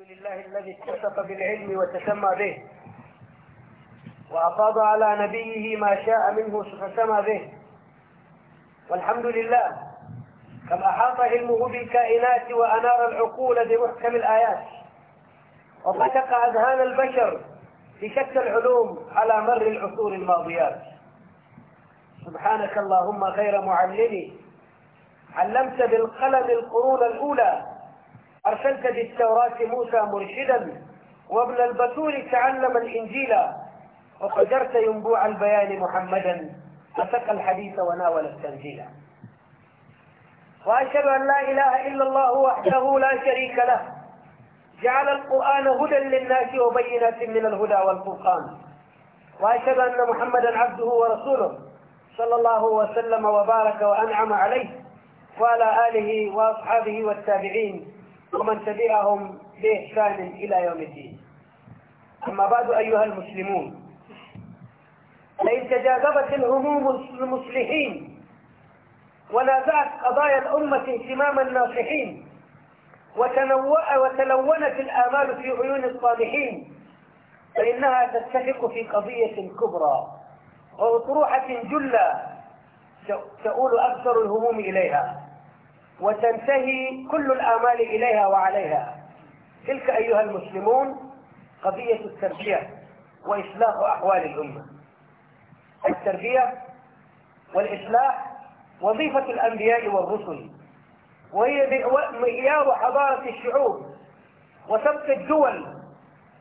الحمد لله الذي اتصف بالعلم وتسمى به وأفاض على نبيه ما شاء منه فسمى به والحمد لله كم أحاط علمه بالكائنات وأنار العقول بمحكم الآيات وفتق أذهان البشر بشتى العلوم على مر العصور الماضيات سبحانك اللهم خير معلمي علمت بالقلم القرون الأولى أرسلت بالتوراة موسى مرشدا وابن البتول تعلم الإنجيل وقدرت ينبوع البيان محمدا فسق الحديث وناول التنزيل وأشهد أن لا إله إلا الله وحده لا شريك له جعل القرآن هدى للناس وبينات من الهدى والفرقان وأشهد أن محمدا عبده ورسوله صلى الله وسلم وبارك وأنعم عليه وعلى آله وأصحابه والتابعين ومن تبعهم بإحسان إلى يوم الدين أما بعد أيها المسلمون فإن تجاذبت الهموم المصلحين ونازعت قضايا الأمة اهتمام الناصحين وتلونت الآمال في عيون الصالحين فإنها تتفق في قضية كبرى وأطروحة جلة تؤول أكثر الهموم إليها وتنتهي كل الآمال إليها وعليها تلك أيها المسلمون قضية التربية وإصلاح أحوال الأمة التربية والإصلاح وظيفة الأنبياء والرسل وهي مئيار حضارة الشعوب وسبق الدول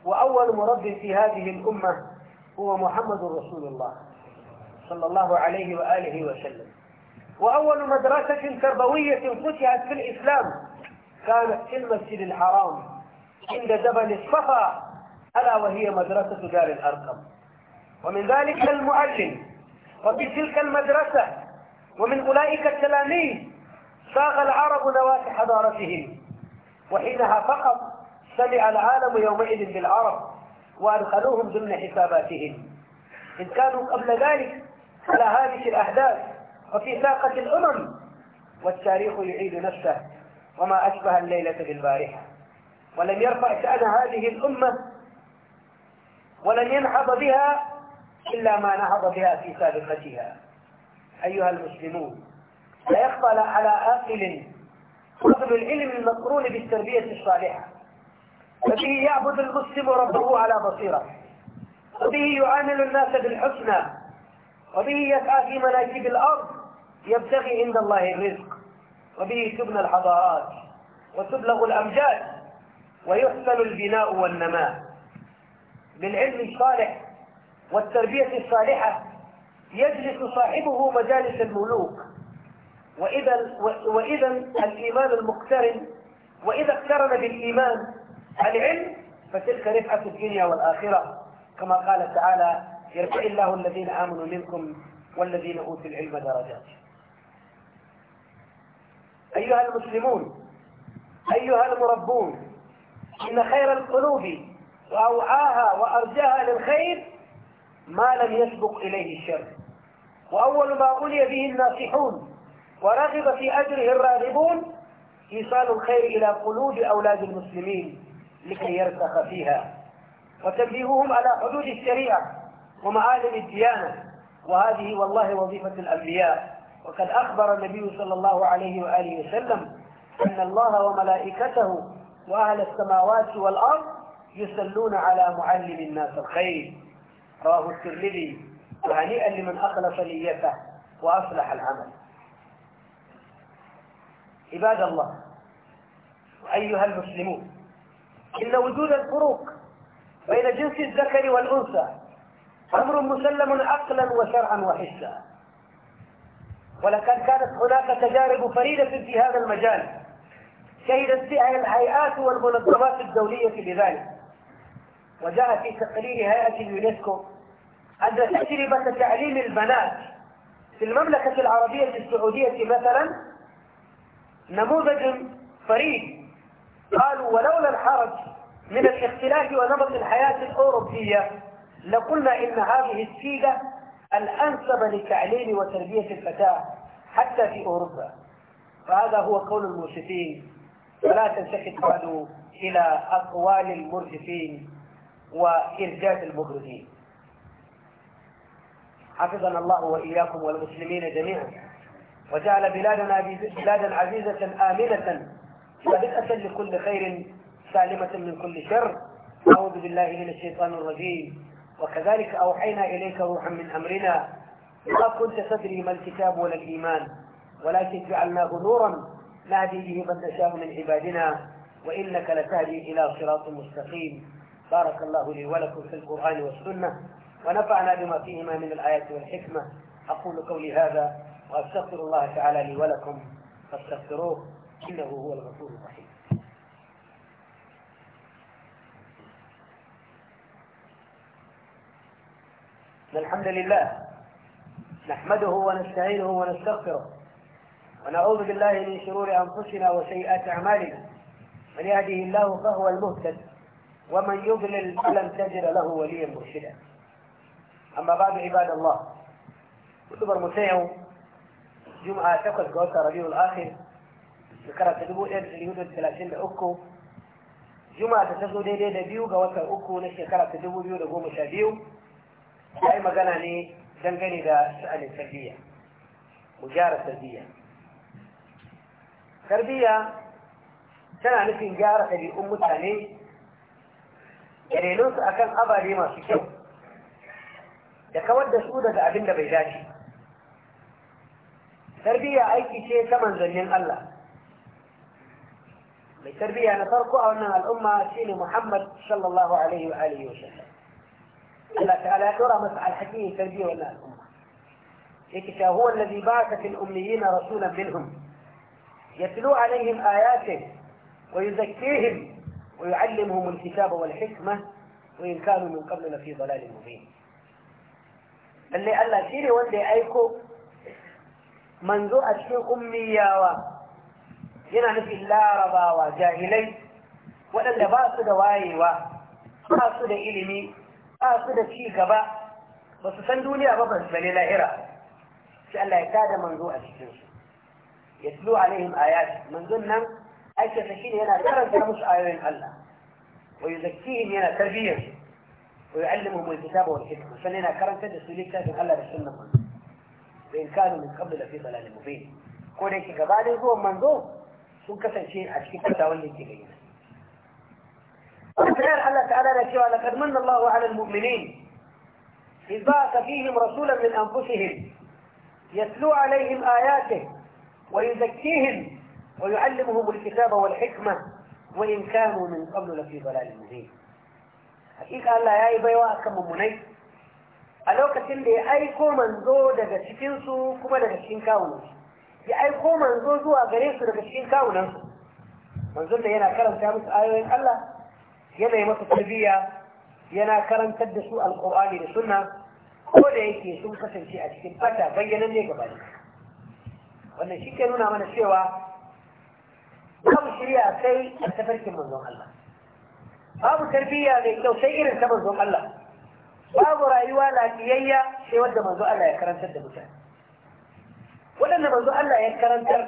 وأول مربي في هذه الأمة هو محمد رسول الله صلى الله عليه وآله وسلم وأول مدرسة تربوية فتحت في الإسلام كانت في المسجد الحرام عند جبل الصفا ألا وهي مدرسة دار الأرقم ومن ذلك المعلم وفي تلك المدرسة ومن أولئك التلاميذ ساغ العرب نواة حضارتهم وحينها فقط سمع العالم يومئذ بالعرب وأدخلوهم ضمن حساباتهم إن كانوا قبل ذلك على هامش الأحداث وفي ساقة الأمم والتاريخ يعيد نفسه وما أشبه الليلة بالبارحة ولم يرفع شأن هذه الأمة ولن ينهض بها إلا ما نهض بها في سابقتها أيها المسلمون لا يخفى على عاقل قبل العلم المقرون بالتربية الصالحة فبه يعبد المسلم ربه على بصيرة وبه يعامل الناس بالحسنى وبه يسعى في مناكب الأرض يبتغي عند الله الرزق وبه تبنى الحضارات وتبلغ الأمجاد ويحسن البناء والنماء بالعلم الصالح والتربية الصالحة يجلس صاحبه مجالس الملوك وإذا, وإذا الإيمان المقترن وإذا اقترن بالإيمان العلم فتلك رفعة الدنيا والآخرة كما قال تعالى يرفع الله الذين آمنوا منكم والذين أوتوا العلم درجات أيها المسلمون أيها المربون إن خير القلوب وأوعاها وأرجاها للخير ما لم يسبق إليه الشر وأول ما أولي به الناصحون ورغب في أجره الراغبون إيصال الخير إلى قلوب أولاد المسلمين لكي يرسخ فيها وتنبيههم على حدود الشريعة ومعالم الديانة وهذه والله وظيفة الأنبياء وقد أخبر النبي صلى الله عليه وآله وسلم أن الله وملائكته وأهل السماوات والأرض يصلون على معلم الناس الخير رواه الترمذي وهنيئا لمن أخلص نيته وأصلح العمل عباد الله أيها المسلمون إن وجود الفروق بين جنس الذكر والأنثى أمر مسلم عقلا وشرعا وحسا ولكن كانت هناك تجارب فريدة في هذا المجال شهدت فيها الهيئات والمنظمات الدولية لذلك وجاء في تقرير هيئة اليونسكو أن تجربة تعليم البنات في المملكة العربية السعودية مثلا نموذج فريد قالوا ولولا الحرج من الاختلاف ونمط الحياة الأوروبية لقلنا إن هذه السيدة الأنسب لتعليم وتربية الفتاة حتى في أوروبا فهذا هو قول المرشفين فلا تنسكت بعد إلى أقوال المرشفين وإرجاء المبرزين حفظنا الله وإياكم والمسلمين جميعا وجعل بلادنا بلادا عزيزة آمنة وبدأة لكل خير سالمة من كل شر أعوذ بالله من الشيطان الرجيم وكذلك أوحينا إليك روحا من أمرنا ما كنت تدري ما الكتاب ولا الإيمان ولكن جعلناه نورا نهدي به من نشاء من عبادنا وإنك لتهدي إلى صراط مستقيم بارك الله لي ولكم في القرآن والسنة ونفعنا بما فيهما من الآيات والحكمة أقول قولي هذا وأستغفر الله تعالى لي ولكم فاستغفروه إنه هو الغفور الرحيم الحمد لله نحمده ونستعينه ونستغفره ونعوذ بالله من شرور أنفسنا وسيئات أعمالنا من يهده الله فهو المهتد ومن يضلل فلن تجد له وليا مرشدا أما بعد عباد الله كتب المسيح جمعة تقص قوسة ربيع الآخر ذكرت تدبو إير اليهود الثلاثين لأكو جمعة تسدو دي دي دي بيو قوسة أكو نشي كرة تدبو بيو لقوم شابيو ya yi magana ne dangane da sha'anin tarbiyya mu gyara tarbiyya tarbiyya tana nufin gyara ɗari'un mutane da a kan ababe masu kyau da kawar da su daga abin da bai dace tarbiyya aiki ce ta manzannin Allah mai tarbiyya na farko a wannan al'umma shine Muhammad sallallahu alaihi wa alihi wa sallam الله تعالى يا ترى مسعى الحكيم تنبيه ولا هيك هو الذي بعث في الأميين رسولا منهم يتلو عليهم آياته ويزكيهم ويعلمهم الكتاب والحكمة وإن كانوا من قبل لفي ضلال مبين اللي الله شيري واللي أيكو منذ امي أمياوا هنا نفي لا رباوا جاهلي وأن باصد وايوا باصد إلمي ba su da ci gaba ba su san duniya ba ba su bane lahira sai Allah ya tada manzo a cikin su yatlu alaihim ayat manzon nan aisha ta shine yana karanta musu ayoyin Allah wa yuzakkihim yana tarbiyyar wa yu'allimuhum alkitaba wal hikma sannan yana karanta da su littafin Allah da sunnan manzo wa in kanu min qabl fi dalalin mubin ko da yake gabanin zuwan manzo sun kasance a cikin fata wanda yake gayyana الآن الله تعالى نشوى لقد من الله على المؤمنين إذ بعث فيهم رسولا من أنفسهم يتلو عليهم آياته ويزكيهم ويعلمهم الكتاب والحكمة وإن كانوا من قبل لفي ضلال مبين حقيقة الله يا إبا يواكم مني ألوكة اللي أيكو منزو دجا تكنسو كما دقا شكينكاونس يا أيكو منزو زوا دجا دقا شكينكاونس منزو اللي هنا كلام كامس آيوين الله Yanayi yi masa tarbiyya yana karantar da su alƙur'ani da suna, ko da yake sun kasance a cikin fata bayyanan ne gaba wannan shi ke nuna mana cewa babu shirya sai a tafarkin manzon Allah babu tarbiyya mai kyau sai irin ta manzon Allah babu rayuwa lafiyayya sai wadda manzo Allah ya karantar da mutane waɗanda manzo Allah ya karantar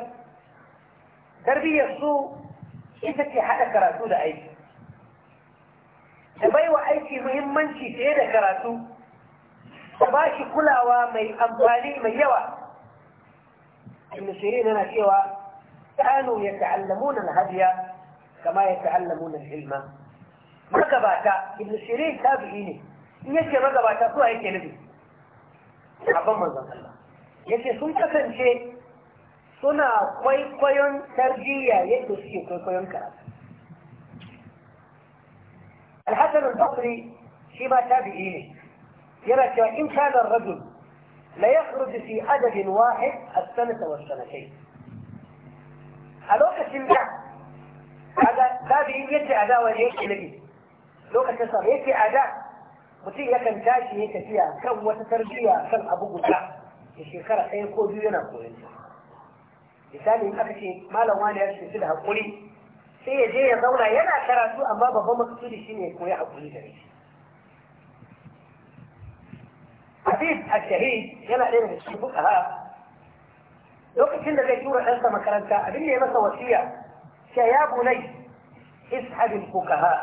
tarbiyyar su ita ce haɗa karatu da aiki da baiwa aiki muhimmanci fiye da karatu da ba shi kulawa mai amfani mai yawa ibn shirin yana cewa kanu yata'allamuna al-hadiya kama yata'allamuna al-ilma magabata ibn shirin tabi'i ne in yake magabata su yake nufi sahabban manzon Allah yake sun kasance suna kwaikwayon tarjiya yadda suke kwaikwayon karatu الحسن البصري فيما تابعينه يرجع إن كان الرجل لا يخرج في عدد واحد السنة والسنتين الوقت الجمع هذا تابعين يتي أداء وليس لدي لو كنت صار هيك أداء وتي يكن تاشي يتي فيها كم وتتربية كم أبو قطع يشير خرق أي قوة دي ينقل لسالي ما لو ما لأشي سلها قولي sai ya je ya zauna yana karatu amma babban maksudi shi ne koya hakuri da rashi Habib al-Shahid yana ɗaya daga cikin fuqaha lokacin da zai tura ɗansa makaranta abin da ya masa wasiya sai ya bunai ishab al-fuqaha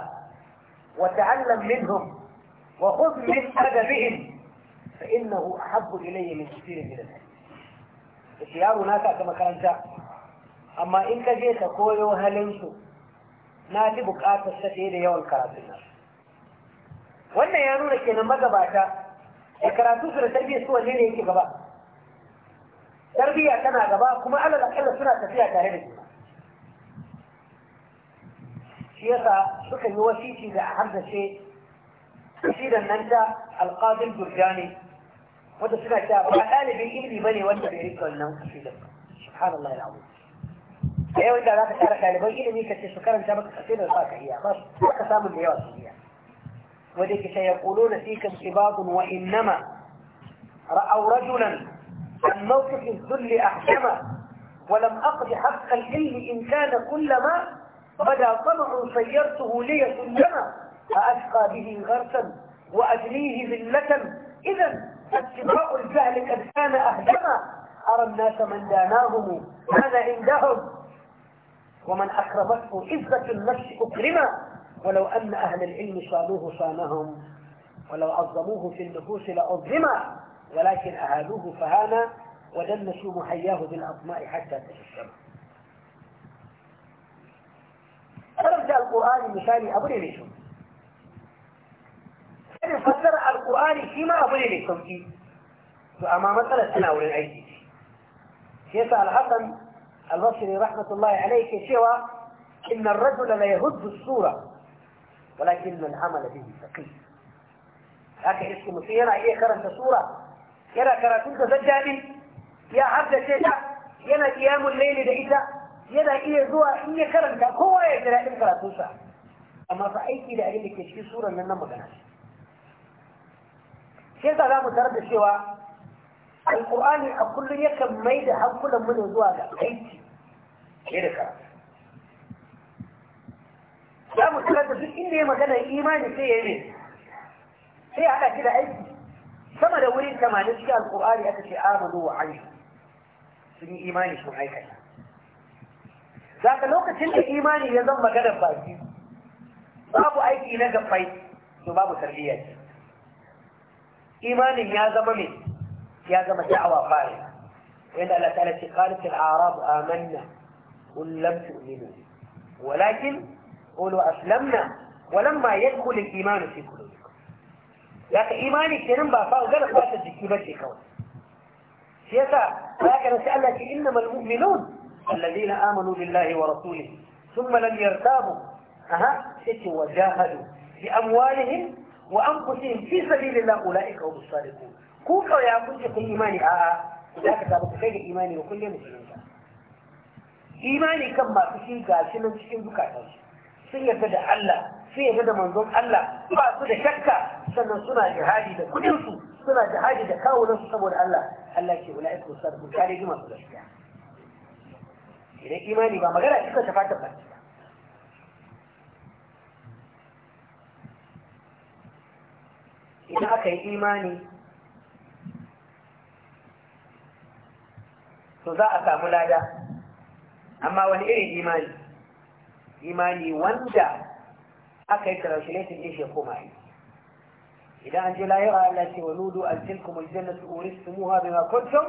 wa ta'allam minhum wa khudh min adabihim fa innahu ahabbu ilayya min kathir min al-ilm yaro naka ta makaranta amma in ka je ka koyo halin su na fi bukatar sa fiye da yawan karatun nan wannan ya nuna kenan magabata da karatu su da tarbiyya su wanne ne yake gaba tarbiyya tana gaba kuma alal akalla suna tafiya tare da juna shi yasa suka yi wasiki da hamzace kasidan nan ta alqadil burjani wanda suna cewa ba ɗalibin ilimi bane wanda bai rika wannan kasidan subhanallahi alazim إيه وذلك يعني، سيقولون فيك انقباض وإنما رأوا رجلا عن موقف الذل أحكم ولم أقضي حق العلم إن كان كلما بدا طمع سيرته لي سلما فأشقى به غرسا وأجليه ذلة إذا اتباع الجهل قد كان أهجما أرى الناس من داناهم هذا عندهم ومن أكرمته عزة النفس أكرما ولو أن أهل العلم صانوه صانهم ولو عظموه في النفوس لعظم ولكن أهالوه فهانا ودنسوا محياه بالأطماء حتى تسلم أرجع القرآن مثالي أبني لكم sai fassar القران فيما ma abu فيه mai sauki to amma matsalar tana wurin البصري رحمة الله عليه سوى إن الرجل لا يهد الصورة ولكن العمل به فقير هكا اسم فيرا هي كرنت صورة يرى إيه كرنت فجاني يا عبد الشيخ يا قيام الليل دائتا ينا إيه ذوى إيه كرنت هو يجرى إيه كرنت صورة أما رايت لعلمك أجلك في صورة من نمو جناس كيف لا متردد سوى alkur'ani a kullum yakan mai da hankulan mu zuwa ga aiki ke da karatu za mu kula da duk inda ya magana imani sai ya yi ne sai ya haɗa shi da aiki sama da wurin tamanin shi alkur'ani aka ce amanu wa ayi sun yi imani sun aikata za ka lokacin da imani ya zan maganar baki babu aiki na gabbai to babu tarbiyya imanin ya zama mai يا جماعة دعوة قائمة وإن الله تعالى قالت الأعراب آمنا قل لم تؤمنوا ولكن قولوا أسلمنا ولما يدخل الإيمان في قلوبكم يا أخي إيماني كنن بابا وقال أخوات الجكي في كون شيسا لكن لك إنما المؤمنون الذين آمنوا بالله ورسوله ثم لم يرتابوا أها وجاهدوا بأموالهم وأنفسهم في سبيل الله أولئك هم الصادقون ku kauya kun ce kun imani a'a za ka samu kai da imani wa kullum musulunta imani kan masu shi ga shi nan cikin zukatan sun yarda da Allah sun yarda da manzon Allah ba su da shakka sannan suna jihadi da kudinsu suna jihadi da kawunansu saboda Allah Allah ce wala iku sarfu kare ji masu gaskiya idan imani ba magana cikin ta fata ba idan aka yi imani to za a samu lada amma wani irin imani imani wanda aka yi translation din shi koma yi idan an je layuwa Allah ce wa nudu an tilkum aljannatu uristumuha bima kuntum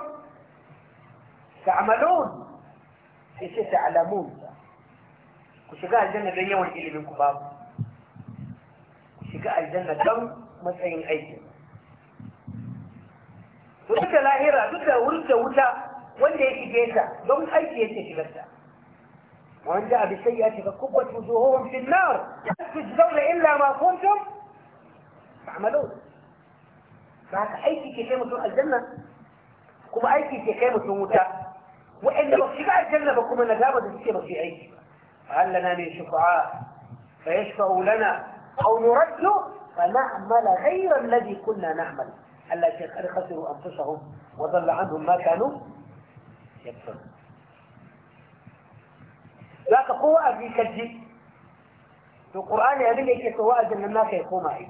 ta'malun sai ce ta ta'lamun ku shiga aljanna don yawan ilimin ku babu ku shiga aljanna don matsayin aiki to duka lahira duka wurin da wuta wanda ya shige ta don aiki yake shigarta ومن جاء بالسيئة فكبت وجوههم في النار هل تجزون إلا ما كنتم تعملون فهذا أيكي كي كيمة الجنة كما أيكي كي كيمة موتا وإن بشفاء الجنة بكم أن لا بد تسيب في عيش فهل لنا من شفعاء فيشفعوا لنا أو نرد فنعمل غير الذي كنا نعمل ألا شيخ خسروا أنفسهم وضل عنهم ما كانوا za ka kowa a kaji to ƙur'ani abin da yake so wa'azin nan naka ya koma yi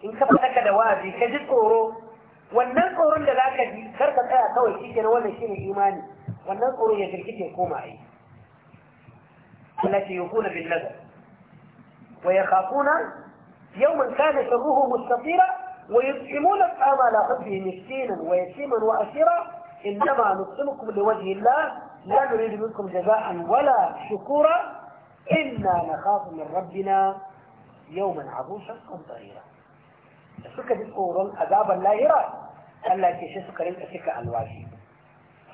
in ka faɗaka da wa'azi ka ji tsoro wannan tsoron da za ka ji kar ka tsaya kawai shi kenan wannan shi ne imani wannan tsoron ya jirkita ya koma yi Allah ce yakuna bin nazar wa mun yawman kana ruhu mustatira ويطعمونك أما لا أبهي مسكينا ويتيما وأسيرا إنما نسلمكم لوجه الله لا نريد منكم جزاء ولا شكورا إنا نخاف من ربنا يوما عبوسا أم ضريرا سكة الأورا أدابا لا يرى أن لا تشي سكة لن أسكة الواجب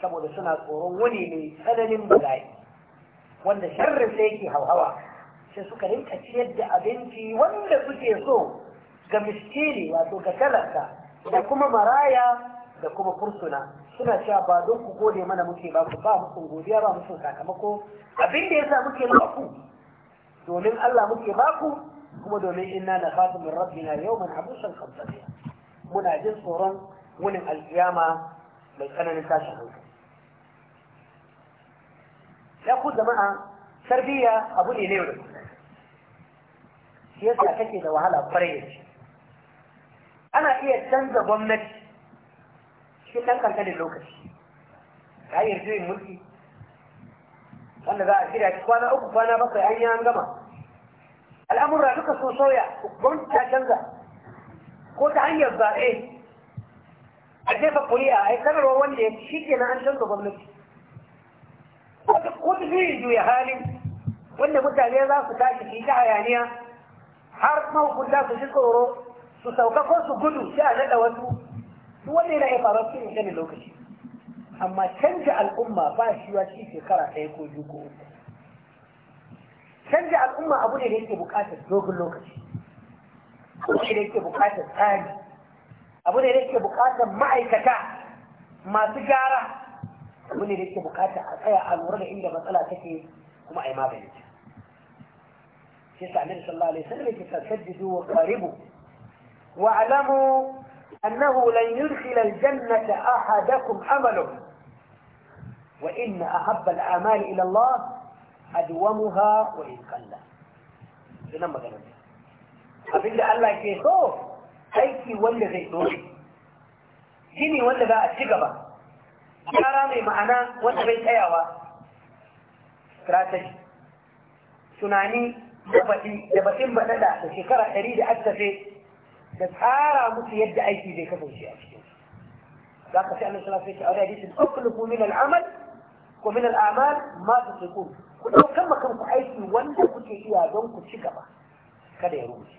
سمو لسنة الأورا ولي من سنن بلاي وأن شر سيكي هو هوا سكة لن أتيد أبنتي وأن سكة يصوم. ga miskini wato ga talaka da kuma maraya da kuma fursuna suna cewa ba don ku gode mana muke ba ku ba muku godiya ba muku sakamako abin da yasa muke ba ku domin Allah muke ba ku kuma domin inna na fatu min rabbina yawman abusan qamtariya muna jin tsoron wunin alkiyama mai tsananin tashin hankali ya ku jama'a tarbiyya abu ne ne yau da kullum shi yasa kake da wahala kwarai da shi ana iya canza gwamnati cikin ɗan kankanin lokaci ta hanyar juyin mulki wanda za a ci kwana uku kwana bakwai an yi an gama al'amura duka sun soya gwamnati ta canza ko ta hanyar zaɓe a jefa kuri'a a yi sanarwa wanda ya shi ke na an canza gwamnati ko ta juyin juya halin wanda mutane za su tashi su ta hayaniya har mahukunta su shi tsoro su sauka ko su gudu sai a naɗa wasu su wanda yana ya faru su ƙanƙanin lokaci amma canja al'umma ba shi wa shi shekara ɗaya ko biyu ko uku canja al'umma abu ne da yake buƙatar dogon lokaci abu ne da yake buƙatar tsari abu ne da yake buƙatar ma'aikata masu gyara abu ne da yake buƙatar a tsaya a lura da inda matsala take kuma a yi magani shi sa annabi sallallahu alaihi wasallam yake sa saddidu wa qaribu واعلموا أنه لن يدخل الجنة أحدكم عمله وإن أحب الأعمال إلى الله أدومها وإن قل إنما قلنا أبدا الله كيسو هيكي ولا غيثوه جيني ولا باء الشقبة كرامي معنا ولا بيت أيوة تراتش سناني يبتي يبتي مبنى لا شكرا أريد أكتفي da tsara musu yadda aiki zai kasance a cikin za ka sai allah sallallahu alaihi wasallam ya ce ukulu min al-amal ko min al-amal ma tusiku ku daukan makan ku aiki wanda kuke iya don ku ci gaba kada ya rubuce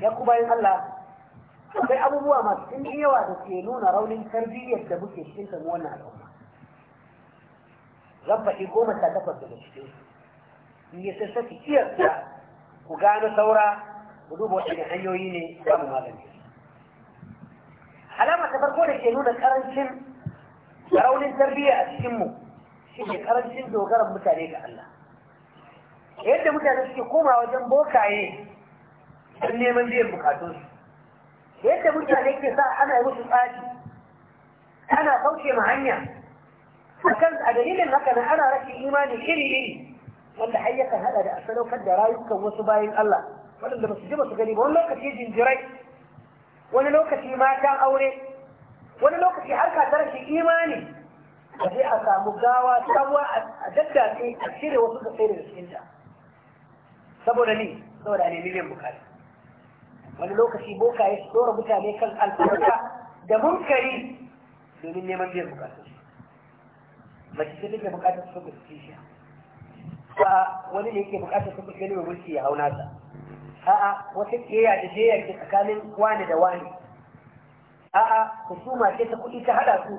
ya ku bayan Allah akwai abubuwa masu ɗin yawa da ke nuna raunin tarbiyyar da muke cikin kan wannan al'umma zan faɗi goma sha takwas daga cikin su in yi sassaki iyarsa ku gano saura mu duba waɗannan hanyoyi ne za mu magani alama ta farko da ke nuna karancin raunin tarbiyya a cikinmu shi ne karancin dogaran mutane ga Allah yadda mutane suke koma wajen bokaye don neman biyan bukatunsu yadda mutane ke sa ana yi musu tsaji ana kauce ma hanya a dalilin haka na ana rashin imani iri iri wanda har yakan hada da asalaukar da rayukan wasu bayan Allah waɗanda ba su ji ba su gani ba wani lokaci jinjirai wani lokaci mata aure wani lokaci har kasar shi imani ba sai a samu gawa sabuwa a daddace a cire wasu da sai da cikin ta saboda ni saboda ne miliyan bukari wani lokaci boka ya tsora mutane kan alfarka da munkari domin neman biyan bukatun mace ce take bukatar su kuskishiya ba wani ne yake bukatar su kuskishiya ne mai mulki ya hau nasa a'a wata ya da jayya ke tsakanin wani da wani a'a husuma ce ta kuɗi ta haɗa su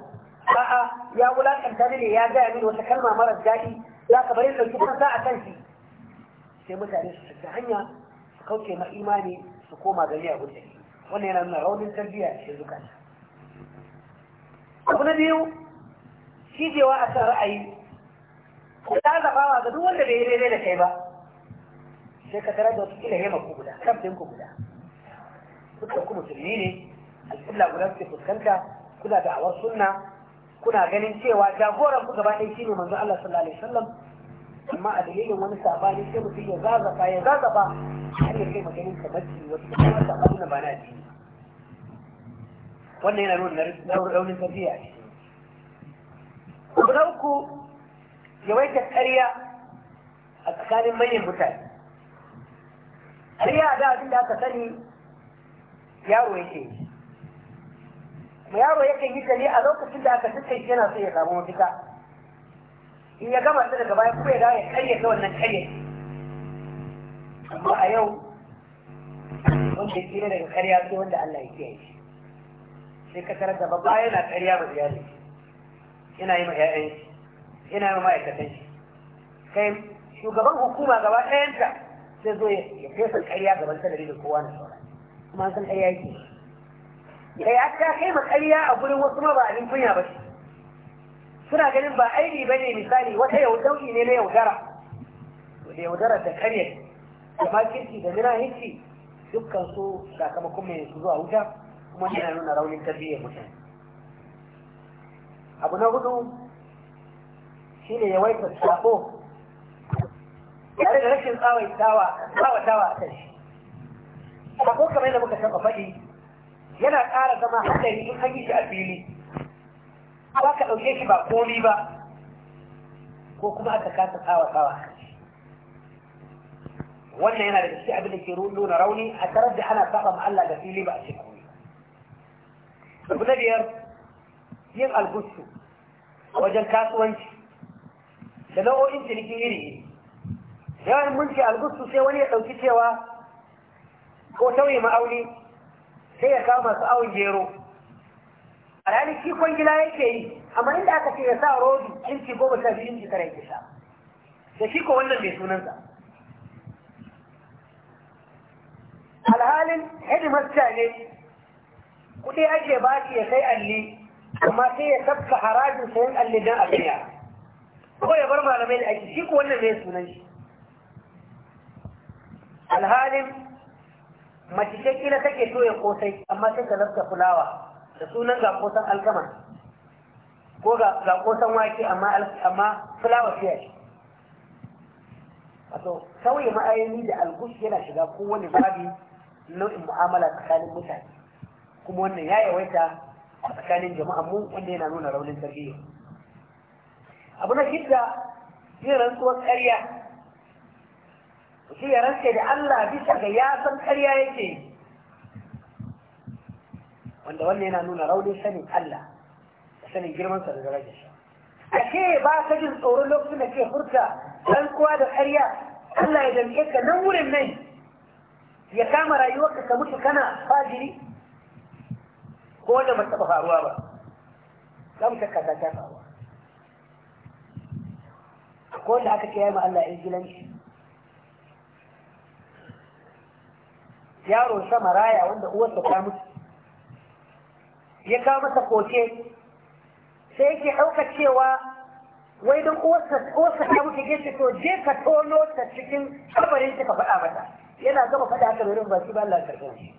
a'a ya wulakanta ne ya gaya mini wata kalma marar daɗi za ka bari ɗauki sa a kan sai mutane su tafi hanya su kauce ma imani su koma gari a gudu wannan yana nuna raunin tarbiyya a cikin zukata abu na biyu cijewa a kan ra'ayi ku ta zaɓawa ga duk wanda bai yi daidai da kai ba sai ka tarar da wasu kila yema ku guda kamfin ku guda kuka ku musulmi ne alƙibla guda suke fuskanta kuna da awar sunna kuna ganin cewa jagoran ku gaba ɗaya ne manzo Allah sallallahu alaihi wasallam amma a dalilin wani sabani sai mutum ya zazafa ya zazafa har ya kai maganin ka bacci wata kuma sabani na bana ji wannan yana nuna raunin tafiya ne abu na uku yawaita ƙarya a tsakanin manyan mutane riya da abin da aka sani yaro yake mu yaro yake yi ta a lokacin da aka shi yana so ya samu mafita in ya gama su daga baya kuma ya dawo ya karye ta wannan karye amma a yau wanda ke tsira daga karya sai wanda Allah ya kiyaye shi sai ka tarar da babba yana karya ba shi, yana yi ma ƴaƴan shi yana yi ma ma'aikatan shi kai shugaban hukuma gaba ta zai zo ya fesa ƙarya gaban sanari da kowa na saura kuma san ƙarya yake kai aka kai ma ƙarya a gurin wasu ma ba abin kunya ba ce suna ganin ba aini ba ne misali wata yaudauki ne na yaudara da yaudara da ƙarya da makirci da nuna hinci dukkan su sakamakon mai su zuwa wuta kuma yana nuna raunin tarbiyyar mutane abu na hudu shine yawaitar sako yare da rashin tsawatawa a kai ko kamar yadda muka taɓa faɗi yana ƙara zama hadari in an yi shi a fili ba ka ɗauke shi ba komi ba ko kuma aka kasa tsawatawa a wannan yana da cikin abin da ke nuna rauni a tarar da ana saba ma Allah da fili ba a ce abu na biyar yin algusu wajen kasuwanci da nau'o'in ciniki iri iri yawan mun ce sai wani ya ɗauki cewa ko tauye ma'auni sai ya kawo masu awon gero alhali shi kwangila yake yi amma inda aka ce ya sa rodi inci goma sha biyu inci tara yake sha da shi ko wannan mai sunansa alhalin hedimasta ne kuɗi ake ba shi ya kai alli amma sai ya tafka harajin sayan alli don a ko ya bar malamai da aiki shi ko wannan mai sunan shi alhalin mace ce kila kake ya kosai amma sai ka lafta fulawa da sunan ga kosan alkama ko ga kosan wake amma fulawa fiya ce wato sauye ma'ayani da algush yana shiga kowane babi nau'in mu'amala tsakanin mutane kuma wannan ya yawaita a tsakanin jama'a, mu wanda yana nuna raunin tarbiyya abu na shidda yin rantsuwar karya. shi da Allah bisa ga ya san karya yake wanda wannan yana nuna raunin sanin Allah da sanin girmansa da darajar shi ke ba ka jin tsoron lokacin da ke furta dan kowa da karya Allah ya damke ka nan wurin nan ya kama rayuwarka ka mutu kana fajiri ko wanda ba taɓa faruwa ba za mu shakka ta faruwa ko wanda aka ce ya ma Allah ya gilanci yaro sa maraya wanda uwarsa ta mutu ya kawo masa koke sai yake ɗauka cewa wai don uwarsa ta mutu ke to je ka tono ta cikin kabarin ta ka faɗa mata yana gama faɗa haka wurin ba shi ba Allah karɓar shi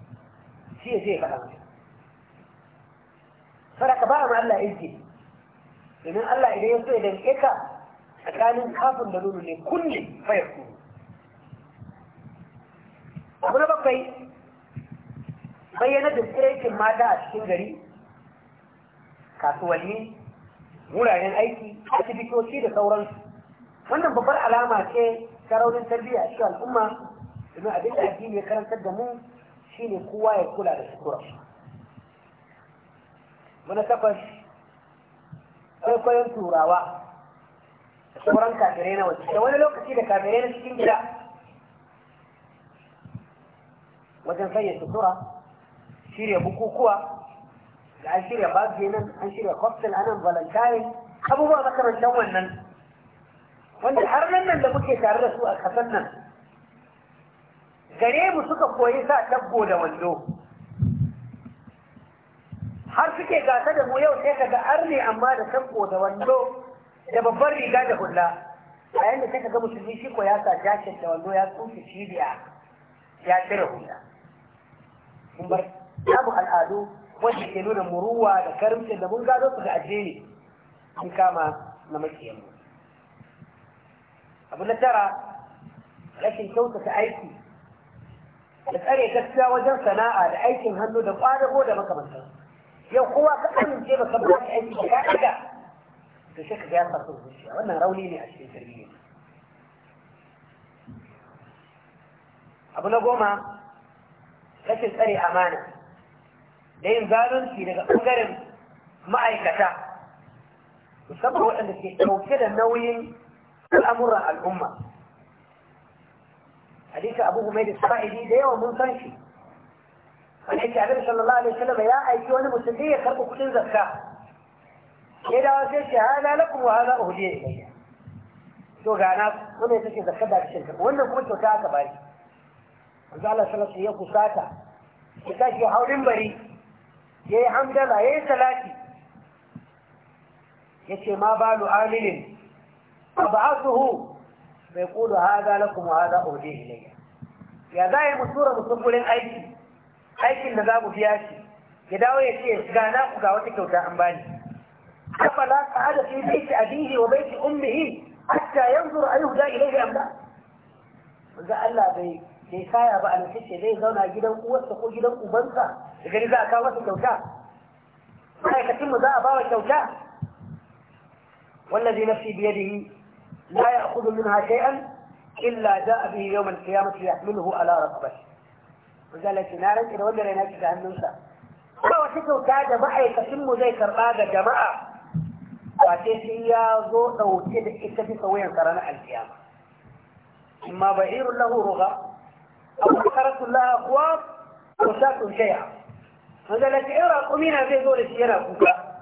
shi ya je ya faɗa mata sadaka ba mu Allah izini domin Allah idan ya so ya danke ka tsakanin kafin da nono ne kunne fayar kuma abu na bakwai bayyana da mata a cikin gari kasuwanni wuraren aiki asibitoci da sauransu wannan babbar alama ce ta raunin tarbiyya a cikin al'umma domin abin da addini ya karantar da mu shine kowa ya kula da sutura mana takwas kwaikwayon turawa da sauran kafirai na waje da wani lokaci da kafirai na cikin gida wajen sanya sutura shirya bukukuwa da an shirya babi nan an shirya cocktail anan valentine abubuwa makarantar wannan wanda har nan nan da muke tare da su a kasan nan gare mu suka koyi sa tabbo da wando har suke gasa da mu yau sai kaga arne amma da tabbo da wando da babbar riga da hula a yanda sai kaga musulmi shi ko ya sa jacket da wando ya tsufi cibiya ya cire hula kun bar babu al'adu wanda ke nuna muruwa da karimcin da mun gado su da addini an kama na makiyan mu abu na tara rashin kyautata aiki da tsare gaskiya wajen sana'a da aikin hannu da kwadago da makamantar yau kowa ka amince ba ka ba aiki da ka ɗaga to shi ka ga ya sa zuciya wannan rauni ne a cikin tarbiyya abu na goma rashin tsare amana da yin zalunci daga ɓangaren ma'aikata musamman waɗanda ke ɗauke da nauyin al'amuran al'umma hadisi abu humai da sa'idi da yawan mun san shi wani yake abin sallallahu alaihi wasallam ya aiki wani mutum zai ya karɓi kuɗin zakka ya dawo sai shi hana lakum wa hana uhudiyya ilayya to ga na wannan yake zakka da shi wannan kuma kyauta aka bari zala salatu ya kusata Ki tashi haurin bari ya yi hamdala ya yi salati ya ce ma balu aminin ba ba suhu mai kudu haza lakum wa haza ode ilayya ya za yi mutura musulmurin aiki aikin da za mu biya shi ya dawo ya ce ga na ku ga wata kyauta an bani la ka hada fi baiti abihi wa baiti ummihi hatta yanzur ayyuhu da ilayhi am la manzo Allah bai bai kaya ba alfishe zai zauna gidan uwarsa ko gidan ubansa da gani za a kawo masa kyauta ma'aikacin mu za a bawa kyauta wallazi nafsi biyadihi la ya'khudhu minha shay'an illa ja'a bihi yawm al-qiyamati yahmiluhu ala raqabati wajalati na ranke da wanda raina ki ga hannunsa ba wata kyauta da ma'aikacin mu zai karba ga jama'a wace shi ya zo ɗauke da ita bisa wuyan ranar alkiyama amma ba'irun lahu ruga أو بحرة لها أخوات أو شاك شيعة هذا لك عراق ومين هذه دول ينا بوكا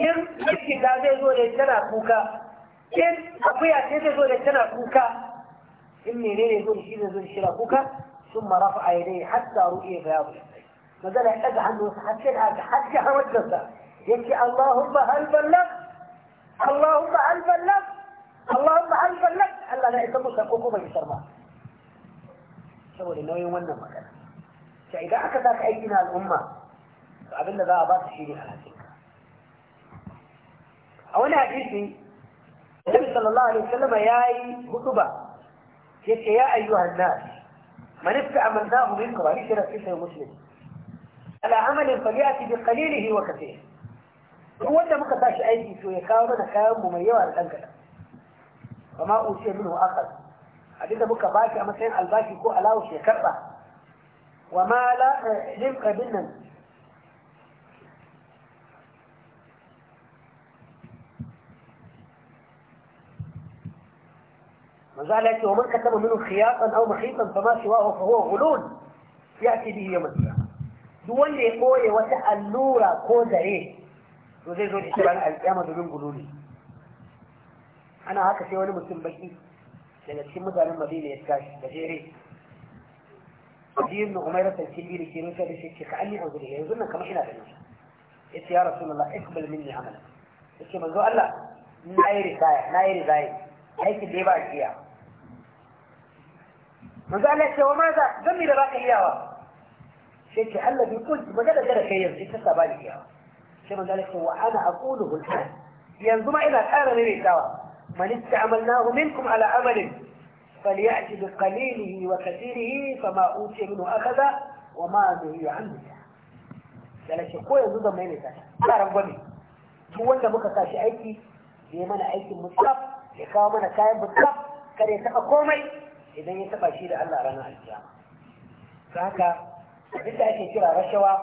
إن يكتب هذه دول ينا بوكا إن أقويا هذه دول ينا بوكا إني لين دولة شيء دولة شيء كوكا ثم رفع يديه حتى رؤية بياض الشيخ هذا لا يحتاج عنه حتى حتى حوجزه يبكي اللهم هل بلغت اللهم هل بلغت اللهم هل بلغت الله لا يسموك حقوقه ما saboda nauyin wannan magana ta idan aka sa ka aiki na al'umma to abin da za a ba su shi ne alhakinka a wani hadisi Nabi sallallahu alaihi wasallam ya yi hutuba ya ce ya ayyuhan nas man ista'amalnahu minkum hadisi da sai muslim ala amalin falyati bi qalilihi wa kathir duk wanda muka tashi aiki to ya kawo mana kayan mu mai yawa da dan kadan kama usiya minhu akhar abinda muka baki a matsayin albashi ko alawo ya karba wa ma la eh, lim abin nan يأتي ومن كتب منه خياطا أو محيطا فما سواه فهو غلول يأتي به يوم القيامة دول وسأل نورا كوزا إيه وزي زول يشتغل القيامة دون غلولي أنا هكا سيواني مسلم بشيء daga cikin mutanen madina ya tashi da jere ajiyar na umar rasar cibi da ke nusa da shi ka anni abu da yanzu nan kamar ina da nusa ya ce ya rasu Allah ikbal minni amala ya ce manzo Allah na yi risaya na yi risaya aikin da ya ba a kiya manzo Allah ya ce wa maza zan mi da ba ka iyawa sai ce Allah bai kulki magana da kai yanzu ita sa ba ni iyawa sai manzo Allah ya ce wa ana aqulu hulhan yanzu ma ina ƙara maimaitawa من استعملناه منكم على عمل فليأت بقليله وكثيره فما أوتي منه أخذ وما نهي عنه قال شي كو يزو ده مني كذا انا رغبني تو بك كاشي ايكي بي مانا ايكي مصطف يكاو مانا كاين بالصف كان يتبقى كومي اذا يتبقى شي ده الله رانا القيامه فهكا انت ايكي كده رشوه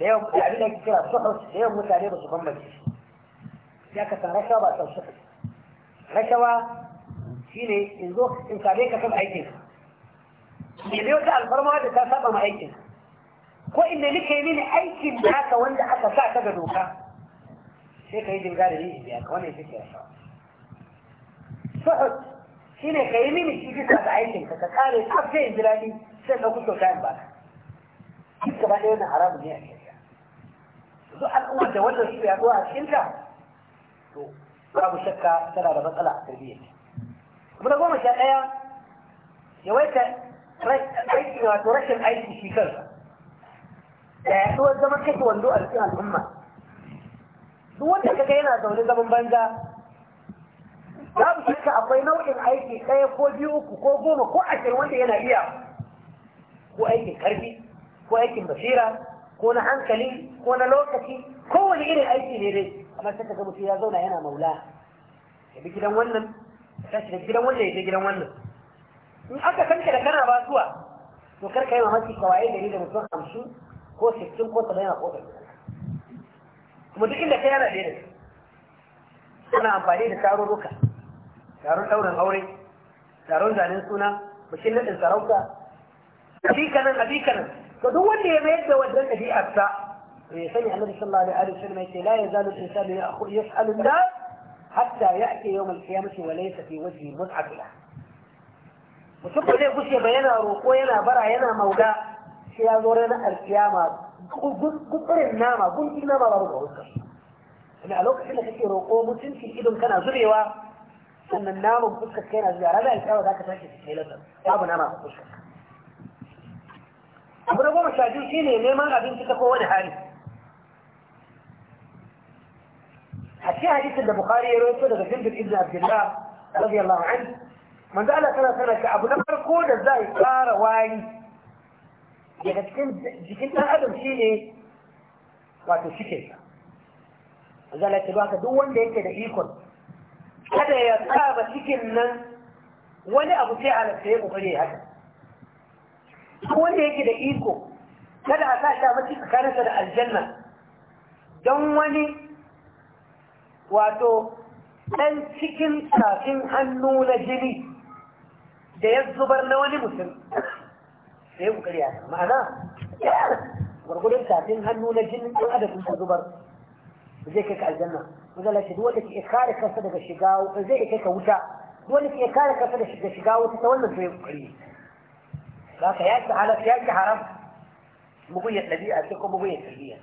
ليوم يعني ايكي كده صحص ليوم متعليه بصفه مجلس ya ka san rashawa ba san shukur rashawa shine in zo in same ka kan aikin ne ne wata alfarma da ta saba ma aikin ko in inda nake mini aikin da haka wanda aka sa ka ga doka sai ka yi jirga da ni in biya ka wannan shi ke rashawa shukur shine ka yi mini shi bisa ga aikin ka ka kare tsafta in jirani sai ka kusa kayan baka duk gaba ɗaya na haramun ne a shirya duk al'ummar da wannan su yaduwa a cikinta وابو شكا ترى هذا مسألة تربية ومن أقوم الشاقية يويت رش الأيد في شكل هو الزمن كيف هو اللؤة فيها الأمة دو أنت كتينا دولة من بنجا لا أبو شكا أبو نوع الأيد في خير فوجيوك وقوم وقوم عشر وانت هنا إياه هو أيد كربي هو أيد بشيرة هو نحن كليل هو نلوكتي هو اللي إلي أيد ليريد amma sai ka mutum ya zauna yana maula ya bi gidan wannan ya shiga gidan wannan ya je gidan wannan in aka kanka da kana ba zuwa to kar ka yi mamaki kawai gari da mutum hamsin ko sittin ko saba'in a kofar kuma duk inda kai yana ɗaya da ana amfani da tarurruka taron ɗaurin aure taron zanen suna bikin naɗin sarauta A abikanan abikanan ka duk wanda ya mayar da wannan ɗabi'arsa sani annabi sallallahu alaihi wasallam yake la yazalu al-insanu yas'alu an-nas hatta ya'ti yawm al-qiyamati wa laysa fi wajhi mut'atun mutum ba zai gushe ba yana roƙo yana bara yana mauda. sai ya zo ranar alkiyama gutsurin nama guntun nama ba ruwa wuskar ina a lokacin da kake roƙo mutunci idon kana zubewa sannan naman fuskar kai na zuwa ranar alkiyama za ka tashi su kai lantar babu nama a fuskar abu na goma sha biyu shine neman abinci ta kowane hali أشياء حديث البخاري يروي ده جند ابن عبد الله رضي الله عنه من قال سنة سنة أبو نمر كون إزاي صار واي daga cikin jikin ɗan adam shi ne wato shike sa Allah ya wanda yake da ikon kada ya saba cikin nan wani abu sai halatta ya kokari ya haka duk wanda yake da iko kada a sa shi a da aljanna don wani wato ɗan cikin tafin hannu na jini da ya zubar na wani mutum sai ku karya ma'ana gwargwadon tafin hannu na jini ɗan adadin ta zubar zai kai ka aljanna mazala shi duk wanda ke kare kansa daga shiga zai kai ka wuta duk wanda ke kare kansa daga shiga wuta ta wannan sai ku karya za ka yaki halaf yaki haram mugunyar ɗabi'a ce ko mugunyar ɗabi'a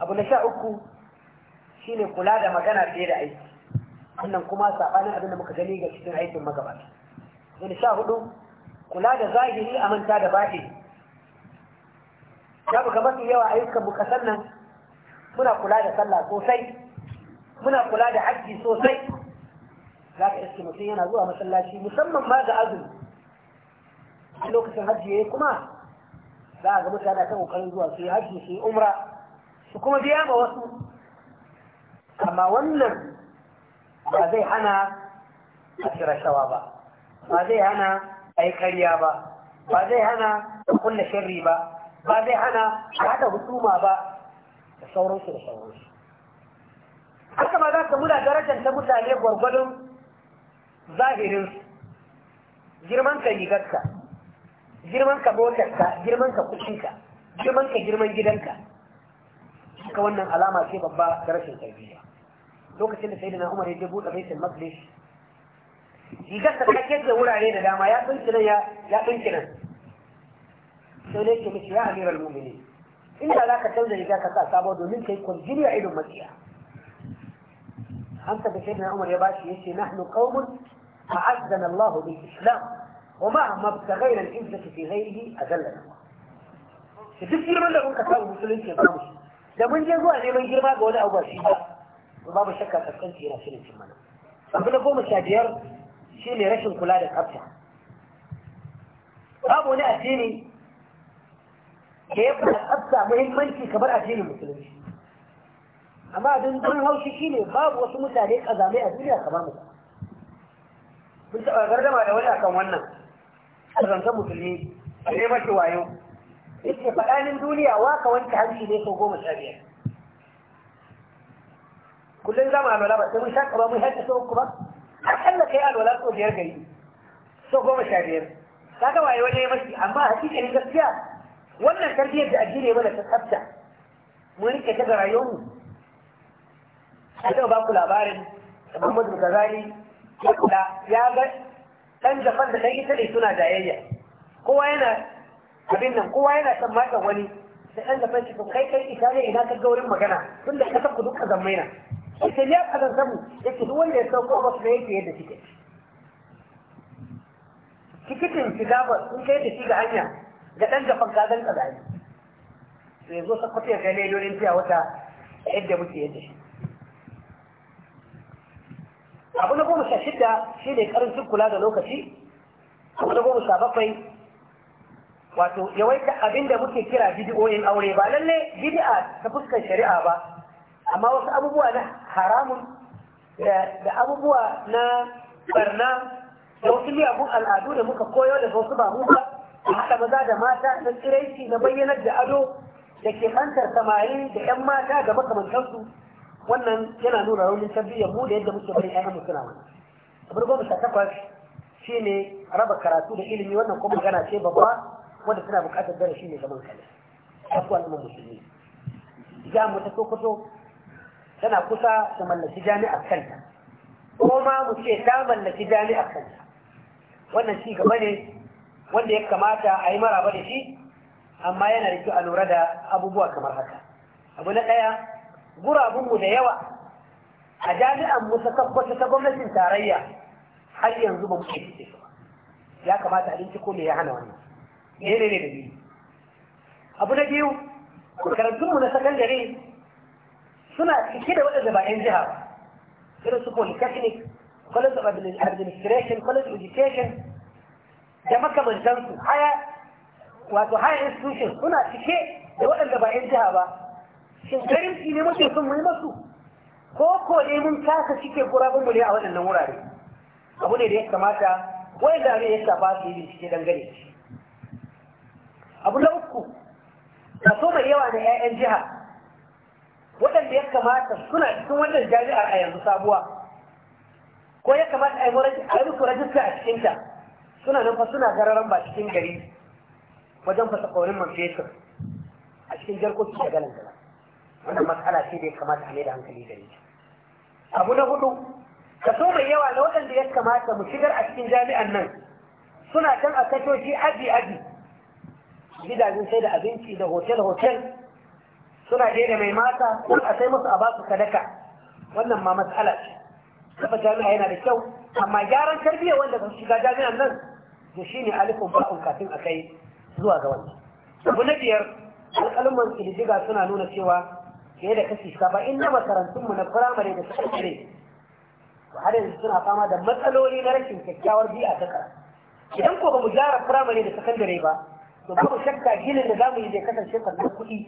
abu na sha uku shine kula da magana fiye da aiki wannan kuma sabanin abin da muka gani ga cikin aikin magabata in sha hudu kula da zahiri a manta da baɗi ya buga mafi yawa ayyukan muka sannan muna kula da sallah sosai muna kula da hajji sosai za ka iske mutum yana zuwa masallaci musamman ma ga azumi a lokacin hajji ya yi kuma za a ga mutane ta kokarin zuwa su yi hajji su yi umra su kuma biya ma wasu amma wannan ba zai hana a shirashawa ba ba zai hana a yi karya ba ba zai hana a kunna shirri ba ba zai hana a haɗa hukuma ba da sauransu da sauransu haka ma za ka muna darajar ta mutane gwargwadon zahirin girman ka rigarka girman ka motarka girman ka kushinka girman ka girman gidanka duka wannan alama ce babba da rashin tarbiyya لوك سيدنا سيدنا عمر يجيبوا الرئيس المجلس في قصة حكيت يقول علينا لا يا بنتنا يا يا بنتنا سيدنا مش يا أمير المؤمنين إن لا كتبنا إذا كتبت أبو دون منك يكون جميع عيد مكيا أنت بسيدنا عمر يا باشا يسي نحن قوم أعزنا الله بالإسلام ومهما ابتغينا الإنسة في غيره أذلنا الله تفسير من لهم كتاب المسلمين يا باشي لما نجي يقول لك من جيبها أقول أبو سيدنا babu shakka kaskanci yana shirin cin mana abu na goma sha biyar shi ne rashin kula da tsafta babu wani addini da ya fara tsafta muhimmanci kamar addinin musulunci amma abin don haushi shi ne babu wasu mutane kazamai a duniya kamar mu mun taɓa gardama da wani akan wannan ƙazantar musulmi a ne mashi wayo yake faɗanin duniya waka wanke hanci ne sau goma sha biyar كلنا ما عملنا بس مش هكذا ما هي تسوق بس هل لك ولا الولد كل يرجع سوق ما شاعر هذا واي وجه مش أما هكذا كان يقصيا ولا كان دي أجيلي ولا تتحبس مين كتب عيون هذا باب كل أبارد محمد مكذالي لا يا بس كان جفن بخيجة اللي سنة دائية قوة هنا أبنهم قوة هنا سمعت أولي لأن لما تشوف خيكي إثارية هناك الجورين مكانها كل حسب قدوك زمينا sai ya kadar zamu yake duk wanda ya sauko ba su yake yadda kike. tikitin shiga ba sun kai da shi ga hanya ga dan gaban gagan kazani sai zo sa kwafiya ga ne lolin tiya wata yadda muke yadda shi abu na goma sha shida shi ne karancin kula da lokaci abu na goma sha bakwai wato yawaita abinda muke kira bidiyoyin aure ba lalle bidi'a ta fuskar shari'a ba amma wasu abubuwa na haramun da abubuwa na barna da wasu miyagun al'adu da muka koyo da wasu ba ba a maza da mata na tsiraici na bayyanar da ado da ke hantar samari da 'yan mata da makamantansu wannan yana nuna raunin tarbiyyar mu da yadda muke bari ƴaƴan suna mu. abin goma sha takwas shine raba karatu da ilimi wannan kuma magana ce babba wanda tana buƙatar darasi ne zaman kansa akwai al'ummar musulmi Idan mu ta sokoto tana kusa da mallaki jami'ar kanta ko ma mu ce ta mallaki jami'ar kanta wannan ci gaba ne wanda ya kamata a yi maraba da shi amma yana da kyau a lura da abubuwa kamar haka abu na ɗaya gurabunmu da yawa a jami'an mu wata ta gwamnatin tarayya har yanzu ba mu ce ya kamata a dinki ko me ya hana wannan ne ne ne da abu na biyu karatunmu na sakandare suna cike da waɗanda ba 'yan jiha ba irin su polytechnic college of administration college of education da makamantansu haya wato haya institution suna cike da waɗanda ba 'yan jiha ba shin karimci ne muke sun mu yi masu ko ko ne mun kasa cike gurabin mu ne a waɗannan wurare abu ne da ya kamata da abin ya shafa su yi bincike dangane abu na uku kaso mai yawa na 'ya'yan jiha waɗanda ya kamata suna cikin wannan jami'ar a yanzu sabuwa ko ya kamata a yi musu rajista a cikinta suna nan fa suna gararan ba cikin gari wajen fasa kaurin man fetur a cikin jarkoki da galan galan wannan matsala ce da ya kamata a mai da hankali gari abu na hudu kaso mai yawa na waɗanda ya kamata mu shigar a cikin jami'an nan suna can a tashoshi aji aji gidajen sai da abinci da hotel hotel suna da mai mata ko a sai musu a ba su sadaka wannan ma matsala ce kafa jami'a yana da kyau amma gyaran tarbiyya wanda ba su shiga jami'an nan to shine alifin ba'un kafin a kai zuwa ga wannan abu na biyar alƙalman kididdiga suna nuna cewa fiye da kashi saba'in na makarantunmu na firamare da sakandare har yanzu suna fama da matsaloli na rashin kyakkyawar bi a karatu idan ko ba mu gyara firamare da sakandare ba to babu shakka ginin da za mu yi zai kasance sannan kuɗi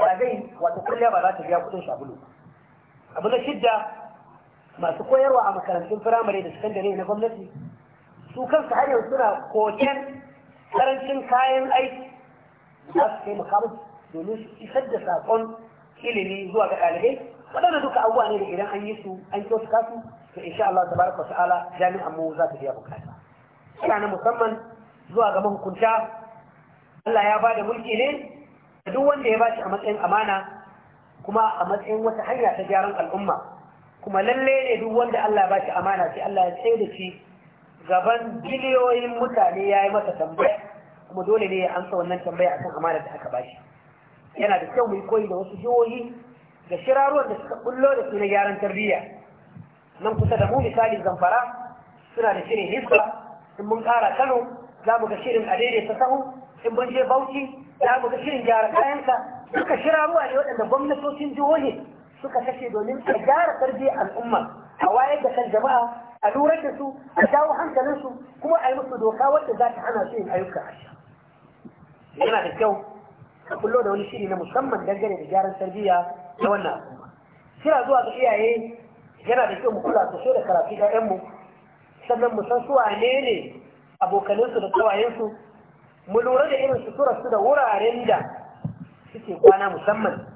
ba zai wato ba za ta biya kuɗin sabulu abu na shidda masu koyarwa a makarantun firamare da sakandare na gwamnati su kansu har yanzu suna koken karancin kayan aiki za su kai musu domin su isar da saƙon ilimi zuwa ga ɗalibai waɗanda duka abubuwa ne da idan an yi su an kyautuka su to insha Allah tabaraka ta'ala jami'an mu za ta biya bukata ina na musamman zuwa ga mahukunta Allah ya ba da mulki ne duk wanda ya bashi a matsayin amana kuma a matsayin wata hanya ta gyaran al'umma kuma lalle ne duk wanda Allah ba shi amana sai Allah ya tsaye da shi gaban biliyoyin mutane ya yi masa tambaya kuma dole ne ya amsa wannan tambaya akan amana da aka ba shi yana da kyau mu yi koyi da wasu jihohi da shiraruwar da suka bullo da su na gyaran tarbiyya nan kusa da mu misali zamfara suna da shirin hisba in mun kara kano za mu ga shirin a daidaita sahu in mun je bauchi ya mu ga shirin gyara kayanka suka shira ruwa ne waɗanda gwamnatocin jihohi suka kashe domin a gyara tarbiyyar al'umma a wayar da kan jama'a a lura da su a jawo hankalinsu kuma a yi musu doka wadda za ta hana su yin ayyukan asha yana da kyau a kullo da wani shiri na musamman dangane da gyaran tarbiyya na wannan al'umma kira zuwa ga iyaye yana da kyau mu kula sosai da karatu 'ya'yanmu sannan mu san su wane ne abokanansu da kawayensu mu lura da irin sutura su da wuraren da suke kwana musamman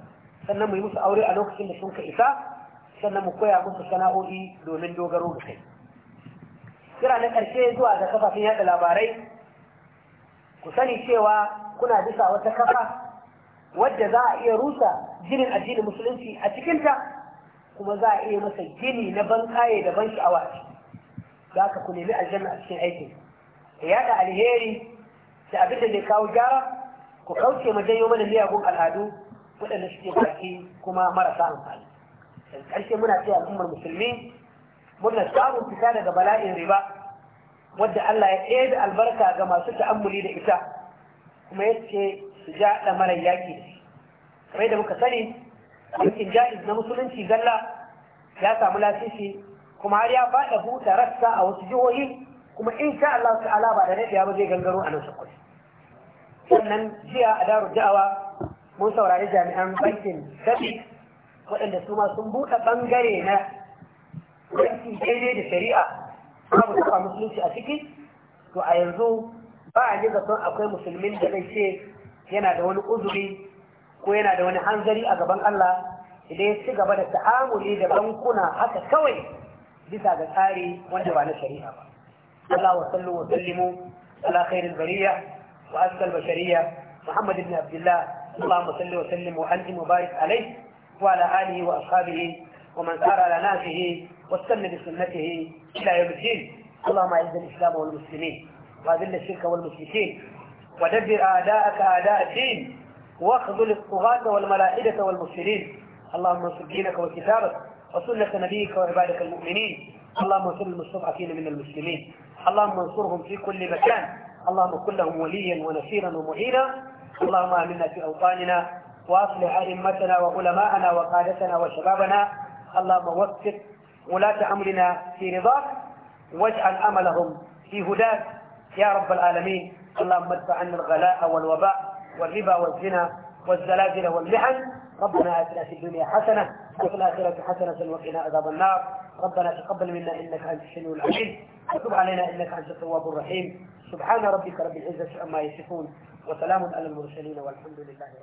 sannan mu yi musu aure a lokacin da sun ka isa sannan mu koya musu sana'o'i domin dogaro da kai kira na ƙarshe zuwa ga kafafen yaɗa labarai ku sani cewa kuna bisa wata kafa wadda za a iya rusa jinin addinin musulunci a cikinta kuma za a iya masa gini na bankaye kaye da ban sha'awa za ka ku nemi aljanna a cikin aikin ya alheri da abin da zai kawo gyara ku kauce mu janyo mana miyagun al'adu waɗanda suke baki kuma marasa amfani daga ƙarshe muna ce al'ummar musulmi muna samun fita daga bala'in riba wadda Allah ya ɗaya da albarka ga masu ta'ammuli da ita kuma ya ce su ja mara yaƙi da kamar da muka sani yankin jahil na musulunci zalla ya samu lasisi kuma har ya faɗa buta rassa a wasu jihohi kuma in sha Allah ta'ala ba da daɗewa ba zai gangaro a nan sakwai sannan jiya a daru da'awa mun saurari jami'an bankin dafi waɗanda su ma sun buɗe ɓangare na banki daidai da shari'a babu kafa musulunci a ciki to a yanzu ba a ji zaton akwai musulmin da zai ce yana da wani uzuri ko yana da wani hanzari a gaban Allah idan ya ci gaba da ta'amuli da bankuna haka kawai bisa ga tsari wanda ba na shari'a ba. Allah wa sallu wa sallimu ala khairil bariya وأسى البشرية محمد بن عبد الله اللهم صل وسلم وأنعم وبارك عليه وعلى آله وأصحابه ومن سار على نهجه واستنى بسنته إلى يوم الدين اللهم أعز الإسلام والمسلمين وأذل الشرك والمشركين ودبر أعداءك أعداء الدين واخذل الطغاة والملائكة والمرسلين اللهم انصر دينك وكتابك وسنة نبيك وعبادك المؤمنين اللهم انصر المستضعفين من المسلمين اللهم انصرهم في كل مكان اللهم كن لهم وليا ونصيرا ومعينا اللهم امنا في اوطاننا واصلح ائمتنا وعلماءنا وقادتنا وشبابنا اللهم وفق ولاة امرنا في رضاك واجعل املهم في هداك يا رب العالمين اللهم ادفع عنا الغلاء والوباء والربا والزنا والزلازل والمحن ربنا اتنا في الدنيا حسنه وفي الاخره حسنه وقنا عذاب النار ربنا تقبل منا انك انت السميع العليم وتب علينا انك انت التواب الرحيم سبحان ربك رب العزه عما يصفون وسلام على المرسلين والحمد لله رب